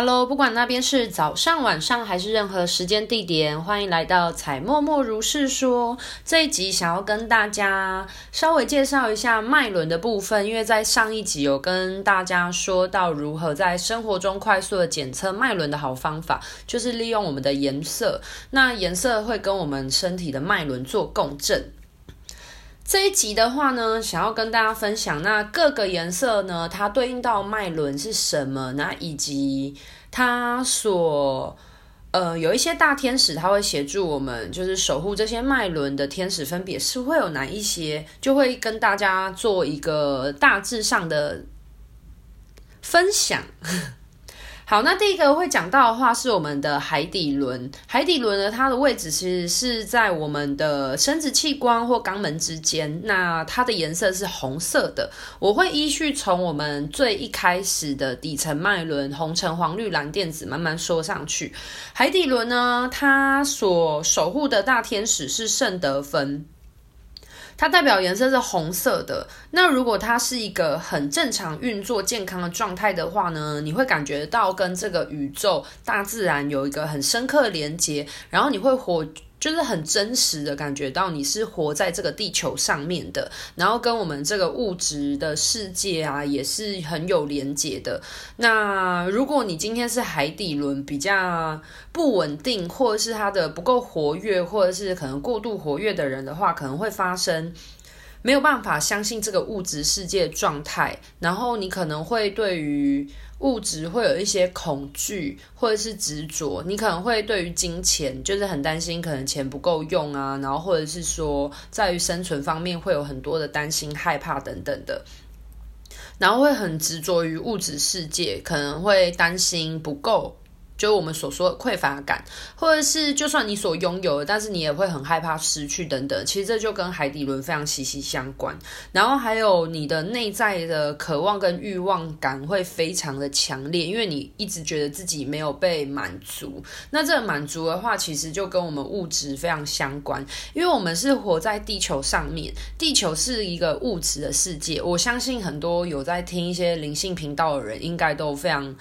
Hello，不管那邊是早上、晚上還是任何時間地點，歡迎來到采默默如是說，這一集想要跟大家稍微介紹一下脈輪的部分，因為在上一集有跟大家說到如何在生活中快速的檢測脈輪的好方法，就是利用我們的顏色，那顏色會跟我們身體的脈輪做共振。這一集的話呢，想要跟大家分享，那各個顏色呢，它對應到脈輪是什麼呢？以及它所呃有一些大天使，他會協助我們，就是守護這些脈輪的天使分別是會有哪一些，就會跟大家做一個大致上的分享。好，那第一個會講到的話是我們的海底輪。海底輪呢，它的位置其實是在我們的生殖器官或肛門之間。那它的顏色是紅色的。我會依序從我們最一開始的底層脈輪，紅、橙、黃、綠、藍、靛、紫，慢慢說上去。海底輪呢，它所守護的大天使是聖德芬。它代表顏色是紅色的。那如果它是一個很正常運作、健康的狀態的話呢，你會感覺到跟這個宇宙、大自然有一個很深刻的連接，然後你會活。就是很真實的感覺到你是活在這個地球上面的，然後跟我們這個物質的世界啊也是很有連結的。那如果你今天是海底輪比較不穩定，或者是它的不夠活躍，或者是可能過度活躍的人的話，可能會發生。沒有辦法相信這個物質世界狀態，然後你可能會對於物質會有一些恐懼或者是執着，你可能會對於金錢就是很擔心，可能錢不夠用啊，然後或者是說在於生存方面會有很多的擔心、害怕等等的，然後會很執着於物質世界，可能會擔心不夠。就我們所說的匱乏感，或者是就算你所擁有的，但是你也會很害怕失去等等。其實這就跟海底輪非常息息相關。然後還有你的內在的渴望跟欲望感會非常的強烈，因為你一直覺得自己沒有被滿足。那這個滿足的話，其實就跟我們物質非常相關，因為我們是活在地球上面，地球是一個物質的世界。我相信很多有在聽一些靈性頻道的人，應該都非常。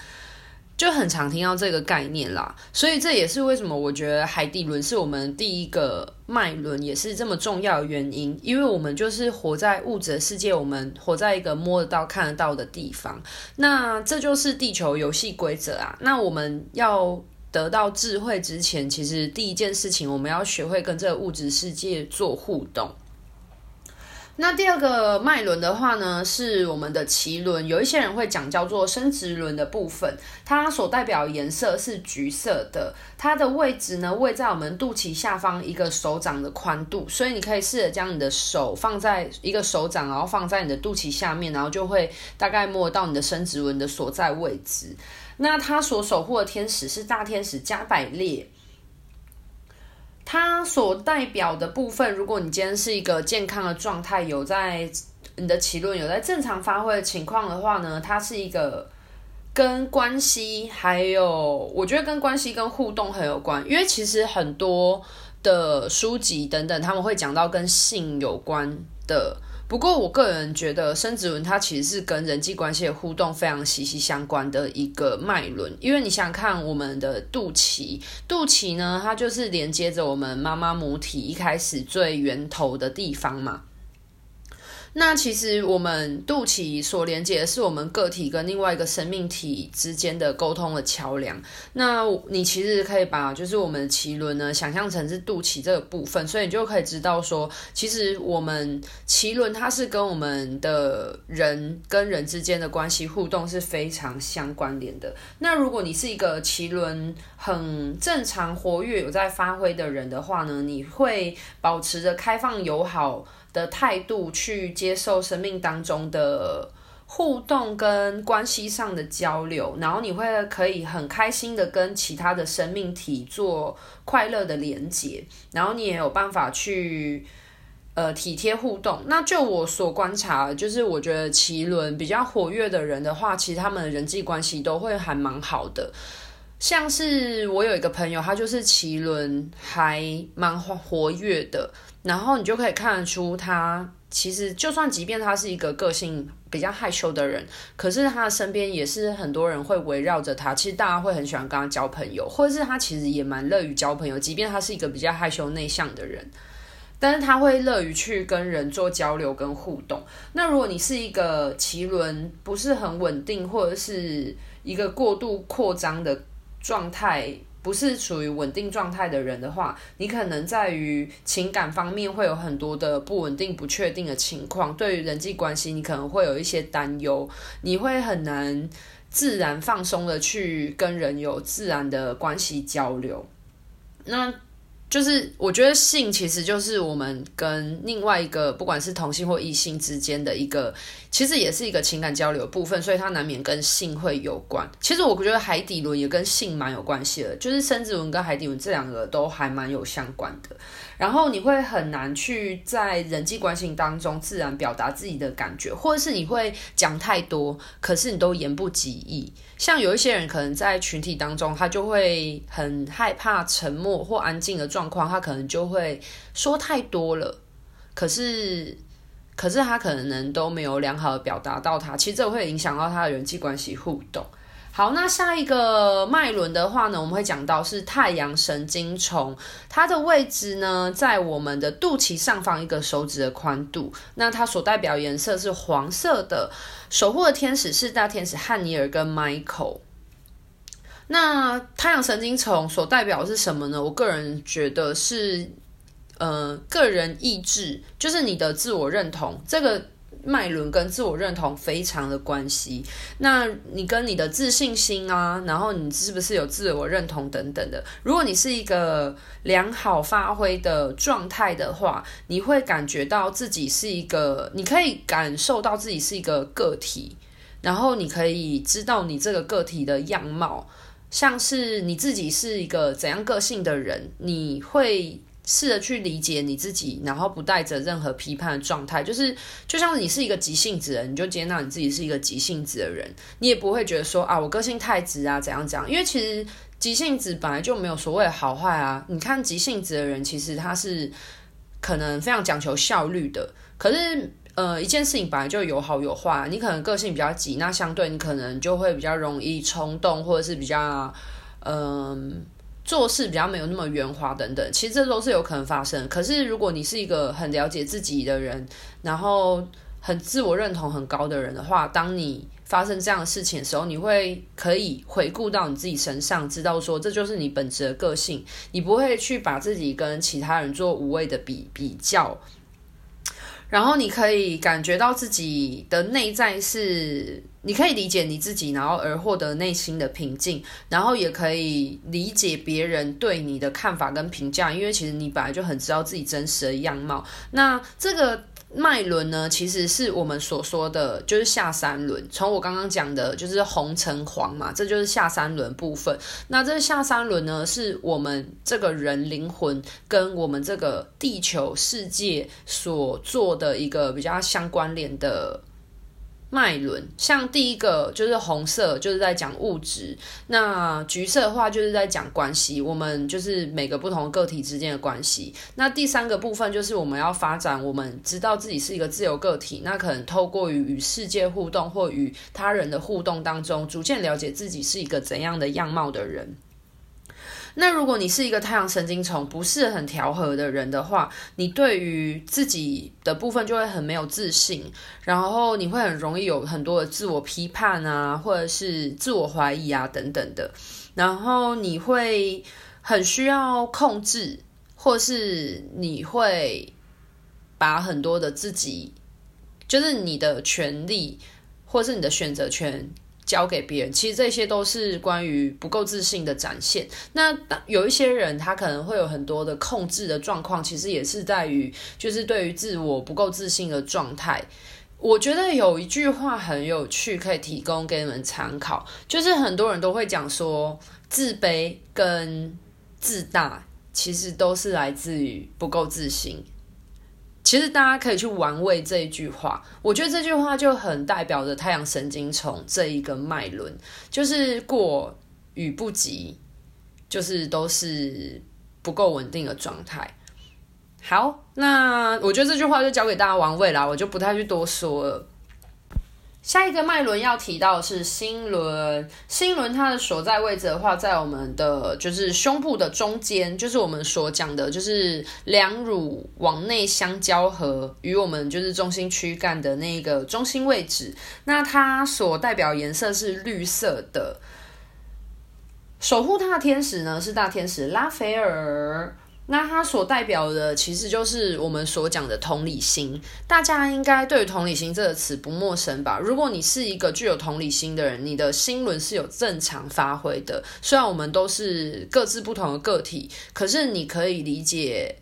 就很常聽到這個概念啦，所以這也是為什麼我覺得海底輪是我們第一個脈輪，也是這麼重要的原因，因為我們就是活在物質世界，我們活在一個摸得到、看得到的地方，那這就是地球遊戲規則啊。那我們要得到智慧之前，其實第一件事情，我們要學會跟這個物質世界做互動。那第二個脈輪的話呢，是我們的臍輪，有一些人會講叫做生殖輪的部分，它所代表顏色是橘色的，它的位置呢位在我們肚臍下方一個手掌的寬度，所以你可以試着將你的手放在一個手掌，然後放在你的肚臍下面，然後就會大概摸到你的生殖輪的所在位置。那它所守護的天使是大天使加百列。它所代表的部分，如果你今天是一個健康的狀態，有在你的脈輪有在正常發揮的情況的話呢，它是一個跟關係，還有我覺得跟關係跟互動很有關，因為其實很多的書籍等等，他們會講到跟性有關的。不過，我個人覺得，生殖輪它其實是跟人際關係的互動非常息息相關的一個脈輪，因為你想看我們的肚臍，肚臍呢，它就是連接着我們媽媽母體一開始最源頭的地方嘛。那其實我們肚臍所連接的是我們個體跟另外一個生命體之間的溝通的橋梁。那你其實可以把就是我們的臍輪呢，想象成是肚臍這個部分，所以你就可以知道說，其實我們臍輪它是跟我們的人跟人之間的關係互動是非常相關聯的。那如果你是一個臍輪很正常活躍有在發揮的人的話呢，你會保持着開放友好的態度去接受生命當中的互動，跟關係上的交流，然後你會可以很開心的跟其他的生命體做快樂的連接。然後你也有辦法去呃體貼互動。那就我所觀察，就是我覺得臍輪比較活躍的人的話，其實他們的人際關係都會還蠻好的。像是我有一個朋友，他就是臍輪，還蠻活活躍的。然後你就可以看得出他，他其實就算即便他是一個個性比較害羞的人，可是他身邊也是很多人會圍繞着他。其實大家會很喜歡跟他交朋友，或者是他其實也蠻樂於交朋友，即便他是一個比較害羞內向的人，但是他會樂於去跟人做交流跟互動。那如果你是一個臍輪，不是很穩定，或者是一個過度擴張的。狀態不是處於穩定狀態的人的話，你可能在於情感方面會有很多的不穩定、不確定的情況。對於人際關係，你可能會有一些擔憂，你會很難自然放鬆的去跟人有自然的關係交流。那。就是我覺得性其實就是我們跟另外一個不管是同性或異性之間的一個，其實也是一個情感交流的部分，所以它難免跟性會有關。其實我覺得海底輪也跟性蠻有關係的，就是生殖輪跟海底輪這兩個都還蠻有相關的。然後你會很難去在人際關係當中自然表達自己的感覺，或者是你會講太多，可是你都言不及義。像有一些人可能在群體當中，他就會很害怕沉默或安靜的狀。狀況，他可能就會說太多了，可是，可是他可能都沒有良好的表達到他，他其實這會影響到他的人際關係互動。好，那下一個脈輪的話呢，我們會講到是太陽神經叢，它的位置呢，在我們的肚臍上方一個手指的寬度，那它所代表顏色是黃色的，守護的天使是大天使漢尼爾跟 Michael。那太陽神經叢所代表的是什麼呢？我個人覺得是，呃，個人意志，就是你的自我認同，這個脈輪跟自我認同非常的關係。那你跟你的自信心啊，然後你是不是有自我認同等等的？如果你是一個良好發揮的狀態的話，你會感覺到自己是一個，你可以感受到自己是一個個體，然後你可以知道你這個個體的樣貌。像是你自己是一個怎樣個性的人，你會試着去理解你自己，然後不帶着任何批判的狀態。就是，就像你是一個急性子的人，你就接納你自己是一個急性子的人，你也不會覺得說啊，我個性太直啊，怎樣怎樣。因為其實急性子本來就沒有所謂的好壞啊。你看急性子的人，其實他是可能非常講求效率的，可是。呃，一件事情本來就有好有壞，你可能個性比較急，那相對你可能就會比較容易衝動，或者是比較，嗯、呃，做事比較沒有那麼圓滑等等，其實這都是有可能發生。可是如果你是一個很了解自己的人，然後很自我認同很高的人的話，當你發生這樣的事情的時候，你會可以回顧到你自己身上，知道說這就是你本質的個性，你不會去把自己跟其他人做無謂的比比較。然後你可以感覺到自己的內在是，你可以理解你自己，然後而獲得內心的平靜，然後也可以理解別人對你的看法跟評價，因為其實你本來就很知道自己真實的樣貌。那這個。脈輪呢，其實是我們所說的就是下三輪。從我剛剛講的，就是紅、橙、黃嘛，這就是下三輪部分。那這個下三輪呢，是我們這個人靈魂跟我們這個地球世界所做的一個比較相關聯的。脈輪，像第一個就是紅色，就是在講物質；那橘色的話，就是在講關係。我們就是每個不同個體之間的關係。那第三個部分就是我們要發展，我們知道自己是一個自由個體，那可能透過於與世界互動或與他人的互動當中，逐漸了解自己是一個怎樣的樣貌的人。那如果你是一個太陽神經叢不是很調和的人的話，你對於自己的部分就會很沒有自信，然後你會很容易有很多的自我批判啊，或者是自我懷疑啊等等的，然後你會很需要控制，或是你會把很多的自己，就是你的權利，或是你的選擇權交給別人，其實這些都是關於不夠自信的展現。那有一些人，他可能會有很多的控制的狀況，其實也是在於就是對於自我不夠自信的狀態。我覺得有一句話很有趣，可以提供給你們參考，就是很多人都會講說，自卑跟自大其實都是來自於不夠自信。其實大家可以去玩味這一句話，我覺得這句話就很代表着太陽神經叢這一個脈輪，就是過與不及，就是都是不夠穩定的狀態。好，那我覺得這句話就交給大家玩味啦，我就不太去多說了。下一個脈輪要提到的是心輪，心輪它的所在位置的話，在我們的就是胸部的中間，就是我們所講的，就是兩乳往內相交合，與我們就是中心軀幹的那個中心位置。那它所代表顏色是綠色的，守護它的天使呢是大天使拉斐爾。那它所代表的，其實就是我們所講的同理心。大家應該對同理心這個詞不陌生吧？如果你是一個具有同理心的人，你的心輪是有正常發揮的。雖然我們都是各自不同的個體，可是你可以理解。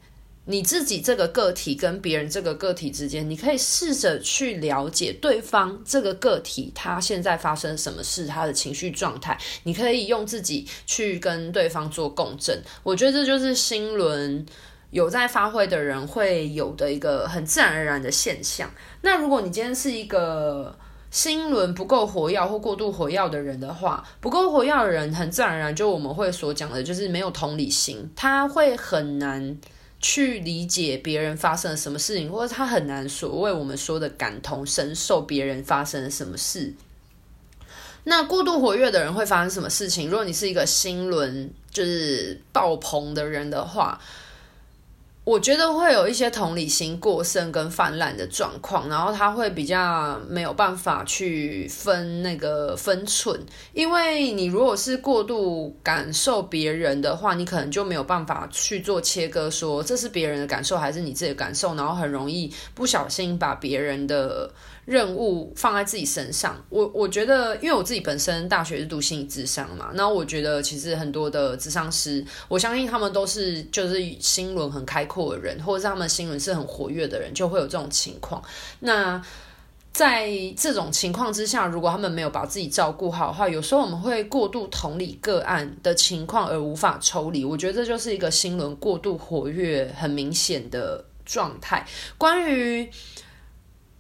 你自己這個個體跟別人這個個體之間，你可以試着去了解對方這個個體，他現在發生什麼事，他的情緒狀態，你可以用自己去跟對方做共振。我覺得這就是心輪有在發揮的人會有的一個很自然而然的現象。那如果你今天是一個心輪不夠活躍或過度活躍的人的話，不夠活躍的人很自然而然就我們會所講的就是沒有同理心，他會很難。去理解別人發生了什麼事情，或者他很難所謂我們說的感同身受，別人發生了什麼事。那過度活躍的人會發生什麼事情？如果你是一個心輪就是爆棚的人的話。我覺得會有一些同理心過剩跟泛濫的狀況，然後他會比較沒有辦法去分那個分寸，因為你如果是過度感受別人的話，你可能就沒有辦法去做切割，說這是別人的感受還是你自己的感受，然後很容易不小心把別人的。任務放在自己身上，我我覺得，因為我自己本身大學是讀心理諮商嘛，那我覺得其實很多的諮商師，我相信他們都是就是心輪很開闊的人，或者他們心輪是很活躍的人，就會有這種情況。那在這種情況之下，如果他們沒有把自己照顧好的話，有時候我們會過度同理個案的情況而無法抽離，我覺得這就是一個心輪過度活躍很明顯的狀態。關於。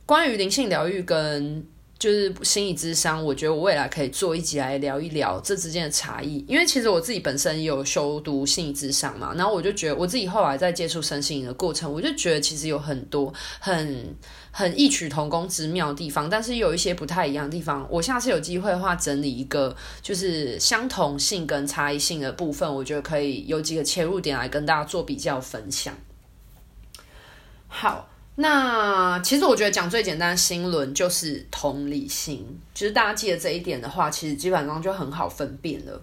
關於靈性療癒跟就是心理諮商，我覺得我未來可以做一集來聊一聊這之間的差異。因為其實我自己本身也有修讀心理諮商嘛，然後我就覺得我自己後來在接觸身心靈的過程，我就覺得其實有很多很很異曲同工之妙的地方，但是有一些不太一樣的地方。我下次有機會的話，整理一個就是相同性跟差異性的部分，我覺得可以有幾個切入點來跟大家做比較分享。好。那其實我覺得講最簡單的心輪就是同理心，就是大家記得這一點的話，其實基本上就很好分辨了。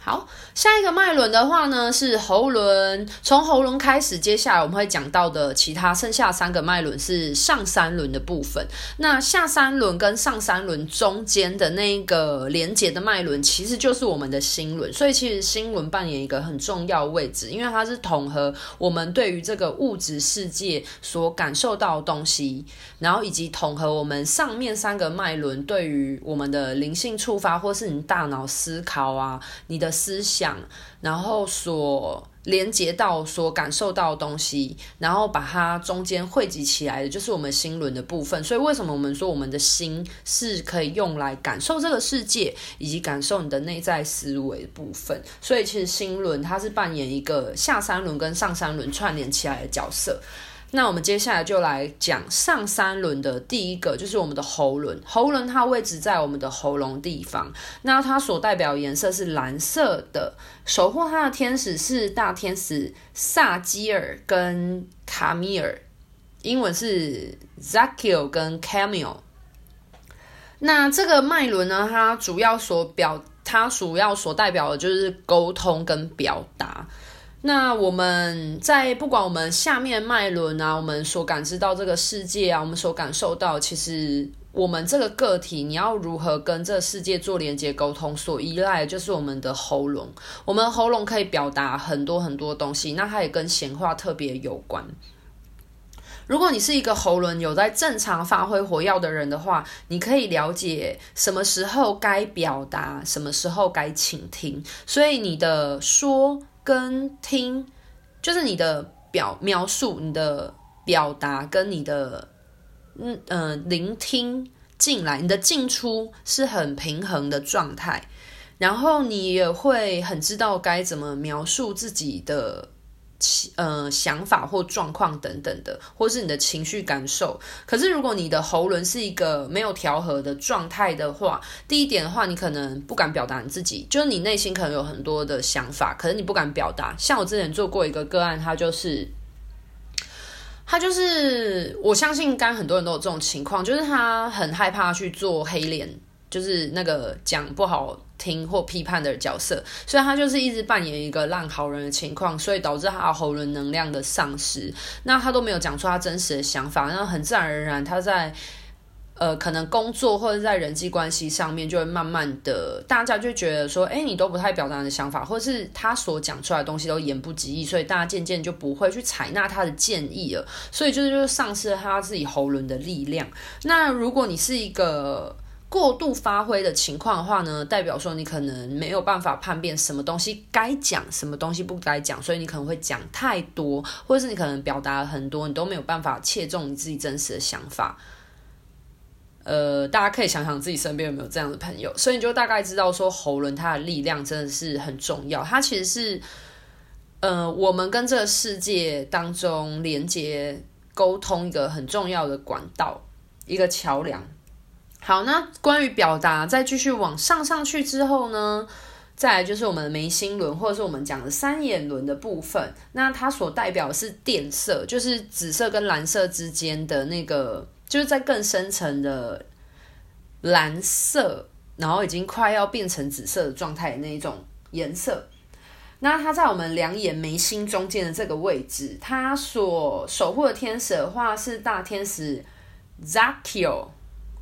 好，下一個脈輪的話呢是喉輪，從喉嚨開始，接下來我們會講到的其他剩下三個脈輪是上三輪的部分。那下三輪跟上三輪中間的那一個連接的脈輪，其實就是我們的心輪。所以其實心輪扮演一個很重要位置，因為它是統合我們對於這個物質世界所感受到的東西，然後以及統合我們上面三個脈輪對於我們的靈性觸發，或是你大腦思考啊，你的。思想，然後所連接到、所感受到的東西，然後把它中間匯集起來的，就是我們心輪的部分。所以，為什麼我們說我們的心是可以用來感受這個世界，以及感受你的內在思維的部分？所以，其實心輪它是扮演一個下三輪跟上三輪串聯起來的角色。那我們接下來就來講上三輪的第一個，就是我們的喉輪。喉輪它位置在我們的喉嚨地方，那它所代表的顏色是藍色的，守護它的天使是大天使撒基爾跟卡米爾，英文是 Zakiel 跟 Camille。那這個脈輪呢，它主要所表，它主要所代表的就是溝通跟表達。那我們在不管我們下面脈輪啊，我們所感知到這個世界啊，我們所感受到，其實我們這個個體，你要如何跟這個世界做連接溝通，所依賴的就是我們的喉嚨。我們喉嚨可以表達很多很多東西，那它也跟閒話特別有關。如果你是一個喉嚨有在正常發揮火藥的人的話，你可以了解什麼時候該表達，什麼時候該傾聽。所以你的說。跟聽，就是你的表描述，你的表達跟你的嗯、呃聆聽進來，你的進出是很平衡的狀態，然後你也會很知道該怎麼描述自己的。呃，想法或狀況等等的，或是你的情緒感受。可是，如果你的喉輪是一個沒有調和的狀態的話，第一點的話，你可能不敢表達你自己，就是你內心可能有很多的想法，可是你不敢表達。像我之前做過一個個案，他就是，他就是，我相信剛很多人都有這種情況，就是他很害怕去做黑臉，就是那個講不好。聽或批判的角色，所以他就是一直扮演一個爛好人的情況，所以導致他喉輪能量的喪失。那他都沒有講出他真實的想法，那很自然而然，他在呃可能工作或者在人際關係上面就會慢慢的，大家就覺得說，哎、欸，你都不太表達你的想法，或是他所講出來的東西都言不及義，所以大家漸漸就不會去採納他的建議了。所以就是就喪失了他自己喉輪的力量。那如果你是一個。過度發揮的情況的話呢，代表說你可能沒有辦法判別什麼東西該講，什麼東西不該講，所以你可能會講太多，或者是你可能表達很多，你都沒有辦法切中你自己真實的想法。呃，大家可以想想自己身邊有沒有這樣的朋友，所以你就大概知道說喉輪它的力量真的是很重要，它其實是、呃、我們跟這個世界當中連接溝通一個很重要的管道，一個橋樑。好，那關於表達，再繼續往上上去之後呢，再來就是我們的眉心輪，或者是我們講的三眼輪的部分。那它所代表的是靛色，就是紫色跟藍色之間的那個，就是在更深層的藍色，然後已經快要變成紫色的狀態那一種顏色。那它在我們兩眼眉心中間的這個位置，它所守護的天使的話是大天使 Zakio。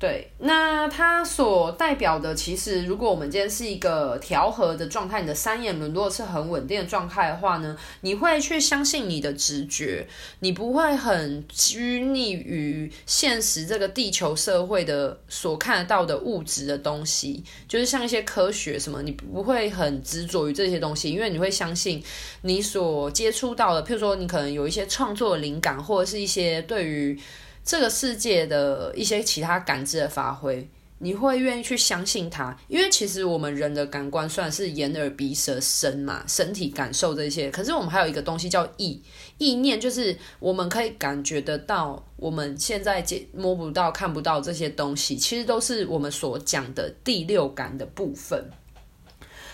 對，那它所代表的，其實如果我們今天是一個調和的狀態，你的三眼輪若是很穩定的狀態的話呢，你會去相信你的直覺，你不會很拘泥於現實這個地球社會的所看得到的物質的東西，就是像一些科學什麼，你不會很執着於這些東西，因為你會相信你所接觸到的，譬如說你可能有一些創作的靈感，或者是一些對於。這個世界的一些其他感知的發揮，你會願意去相信它，因為其實我們人的感官算是眼、耳、鼻、舌、身嘛，身體感受這些。可是我們還有一個東西叫意，意念就是我們可以感覺得到，我們現在摸不到、看不到這些東西，其實都是我們所講的第六感的部分。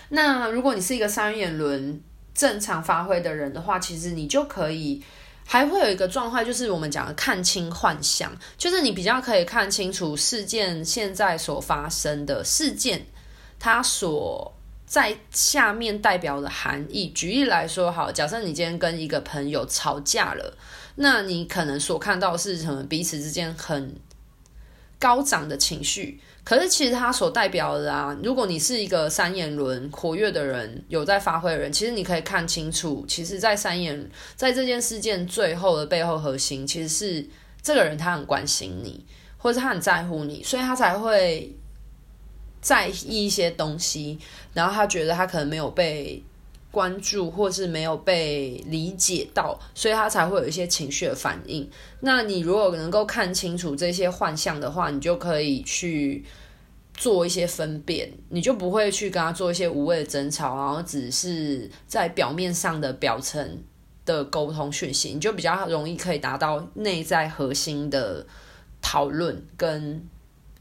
那如果你是一個三眼輪正常發揮的人的話，其實你就可以。還會有一個狀態，就是我們講的看清幻象。就是你比較可以看清楚事件現在所發生的事件，它所在下面代表的含義。舉例來說，好，假設你今天跟一個朋友吵架了，那你可能所看到的是什麼？彼此之間很高漲的情緒。可是其實他所代表的啊，如果你是一個三眼輪活躍的人，有在發揮的人，其實你可以看清楚，其實，在三眼在這件事件最後的背後核心，其實是這個人他很關心你，或者他很在乎你，所以他才會在意一些東西，然後他覺得他可能沒有被關注或是沒有被理解到，所以他才會有一些情緒的反應。那你如果能夠看清楚這些幻象的話，你就可以去做一些分辨，你就不會去跟他做一些無謂的爭吵，然後只是在表面上的表層的溝通訊息，你就比較容易可以達到內在核心的討論跟。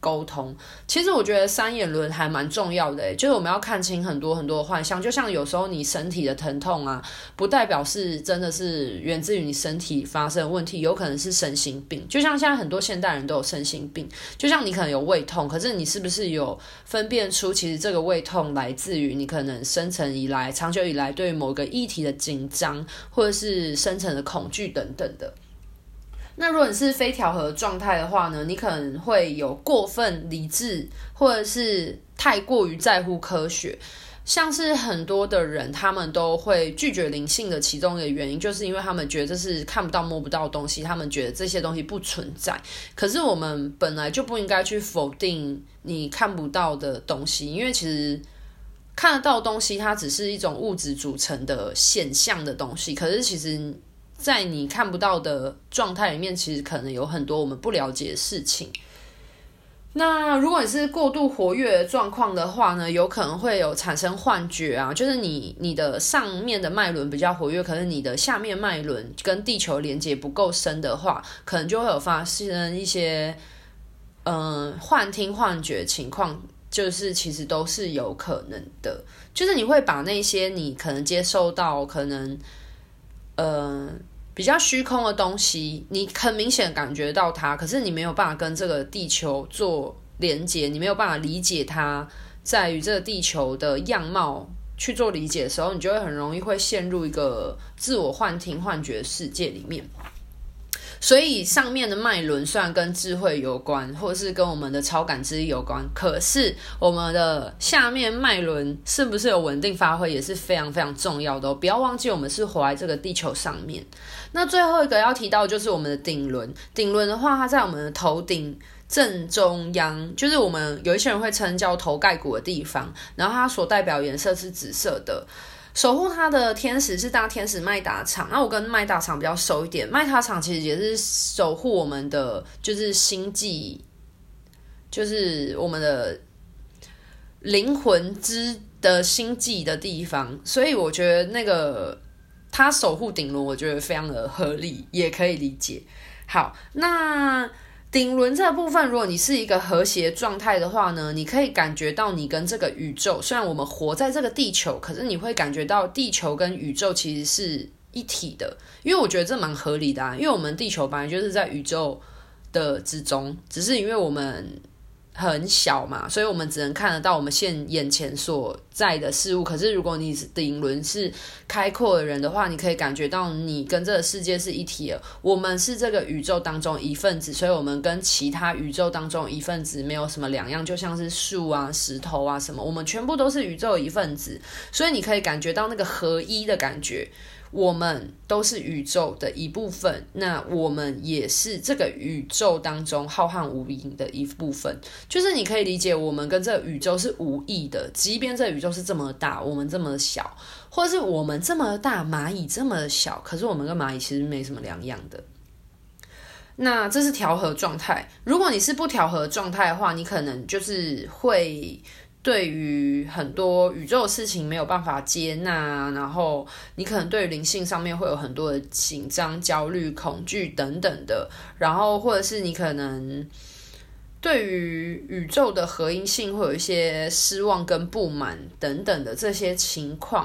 溝通，其實我覺得三眼輪還蠻重要的，欸，就是我們要看清很多很多的幻象。就像有時候你身體的疼痛啊，不代表是真的是源自於你身體發生的問題，有可能是身心病。就像現在很多現代人都有身心病，就像你可能有胃痛，可是你是不是有分辨出其實這個胃痛來自於你可能生成以來長久以來對某個議題的緊張，或者是生成的恐懼等等的。那如果你是非調和狀態的話呢？你可能會有過分理智，或者是太過於在乎科學。像是很多的人，他們都會拒絕靈性的其中一個原因，就是因為他們覺得這是看不到、摸不到東西，他們覺得這些東西不存在。可是我們本來就不應該去否定你看不到的東西，因為其實看得到東西，它只是一種物質組成的現象的東西。可是其實。在你看不到的狀態裡面，其實可能有很多我們不了解的事情。那如果你是過度活躍狀況的話呢，有可能會有產生幻覺啊，就是你你的上面的脈輪比較活躍，可是你的下面脈輪跟地球連接不夠深的話，可能就會有發生一些嗯、呃、幻聽幻覺情況，就是其實都是有可能的，就是你會把那些你可能接受到可能。呃，比較虛空的東西，你很明顯感覺到它，可是你沒有辦法跟這個地球做連接，你沒有辦法理解它，在於這個地球的樣貌去做理解的時候，你就會很容易會陷入一個自我幻聽幻覺的世界裡面。所以上面的脈輪雖然跟智慧有關，或是跟我們的超感知力有關。可是我們的下面脈輪是不是有穩定發揮也是非常非常重要的哦。不要忘記，我們是活在這個地球上面。那最後一個要提到就是我們的頂輪。頂輪的話，它在我們的頭頂正中央，就是我們有一些人會稱叫頭蓋骨的地方。然後它所代表顏色是紫色的。守護他的天使是大天使麥達昶，那我跟麥達昶比較熟一點。麥達昶其實也是守護我們的，就是星際，就是我們的靈魂之的星際的地方。所以我覺得那個他守護頂輪，我覺得非常的合理，也可以理解。好，那，頂輪這部分，如果你是一個和諧狀態的話呢，你可以感覺到你跟這個宇宙。雖然我們活在這個地球，可是你會感覺到地球跟宇宙其實是一體的。因為我覺得這蠻合理的啊，因為我們地球本來就是在宇宙的之中，只是因為我們。很小嘛，所以我們只能看得到我們現眼前所在的事物。可是如果你頂輪是開闊的人的話，你可以感覺到你跟這個世界是一體的。我們是這個宇宙當中一份子，所以我們跟其他宇宙當中一份子沒有什麼兩樣。就像是樹啊、石頭啊什麼，我們全部都是宇宙一份子，所以你可以感覺到那個合一的感覺。我們都是宇宙的一部分，那我們也是這個宇宙當中浩瀚無垠的一部分。就是你可以理解，我們跟這宇宙是無異的，即便這宇宙是這麼大，我們這麼小，或是我們這麼大，螞蟻這麼小，可是我們跟螞蟻其實沒什麼兩樣的。那這是調和狀態，如果你是不調和狀態的話，你可能就是會。對於很多宇宙事情沒有辦法接納，然後你可能對於靈性上面會有很多的緊張、焦慮、恐懼等等的，然後或者是你可能對於宇宙的合音性會有一些失望跟不滿等等的這些情況，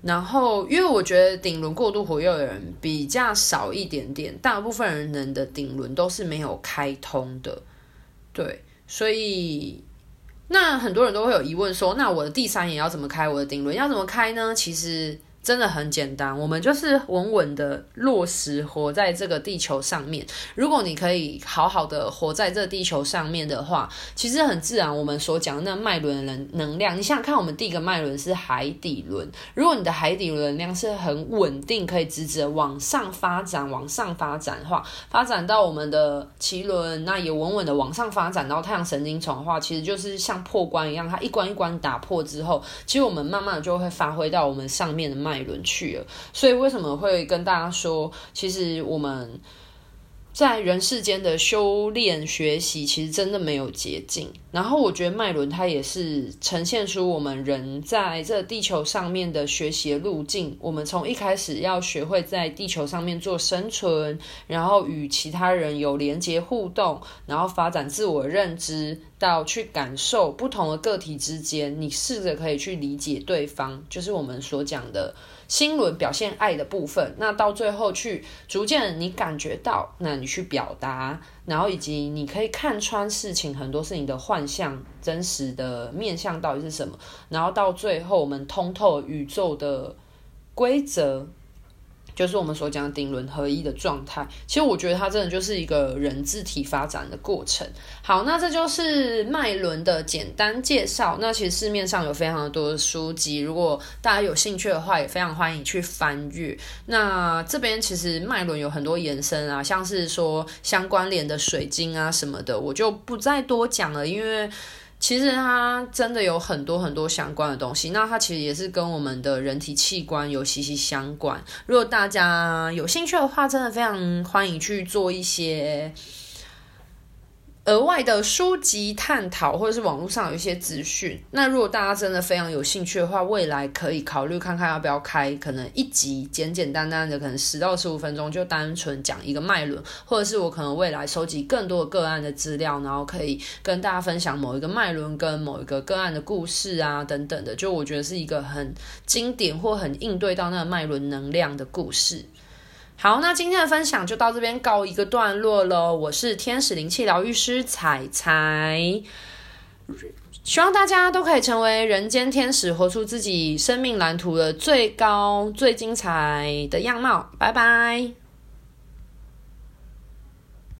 然後因為我覺得頂輪過度活躍的人比較少一點點，大部分人的頂輪都是沒有開通的，對，所以。那很多人都會有疑問，說：“那我的第三眼要怎麼開？我的頂輪要怎麼開呢？”其實。真的很簡單，我們就是穩穩的落實活在這個地球上面。如果你可以好好的活在這個地球上面的話，其實很自然。我們所講的那脈輪的能量，你想想看，我們第一個脈輪是海底輪。如果你的海底輪能量是很穩定，可以直直的往上發展，往上發展的話，發展到我們的臍輪，那也穩穩的往上發展到太陽神經叢的話，其實就是像破關一樣，它一關一關打破之後，其實我們慢慢的就會發揮到我們上面的脈。輪去了，所以為什麼會跟大家說，其實我們。在人世間的修煉學習，其實真的沒有捷徑。然後我覺得脈輪它也是呈現出我們人在這地球上面的學習的路徑。我們從一開始要學會在地球上面做生存，然後與其他人有連接互動，然後發展自我認知，到去感受不同的個體之間，你試着可以去理解對方，就是我們所講的。心輪表現愛的部分，那到最後去逐漸你感覺到，那你去表達，然後以及你可以看穿事情，很多事情的幻象，真實的面向到底是什麼，然後到最後我們通透宇宙的規則。就是我們所講的頂輪合一的狀態，其實我覺得它真的就是一個人自體發展的過程。好，那這就是脈輪的簡單介紹。那其實市面上有非常多的書籍，如果大家有興趣的話，也非常歡迎去翻閱。那這邊其實脈輪有很多延伸啊，像是說相關聯的水晶啊什麼的，我就不再多講了，因為。其實它真的有很多很多相關的東西，那它其實也是跟我們的人體器官有息息相關。如果大家有興趣的話，真的非常歡迎去做一些。額外的書籍探討，或者是網絡上有一些資訊。那如果大家真的非常有興趣的話，未來可以考慮看看要不要開可能一集簡簡單單的，可能十到十五分鐘，就單純講一個脈輪，或者是我可能未來收集更多個案的資料，然後可以跟大家分享某一個脈輪跟某一個個案的故事啊等等的。就我覺得是一個很經典或很應對到那個脈輪能量的故事。好，那今天的分享就到這邊告一個段落了。我是天使靈氣療癒師采采，希望大家都可以成為人間天使，活出自己生命藍圖的最高最精彩的樣貌。拜拜。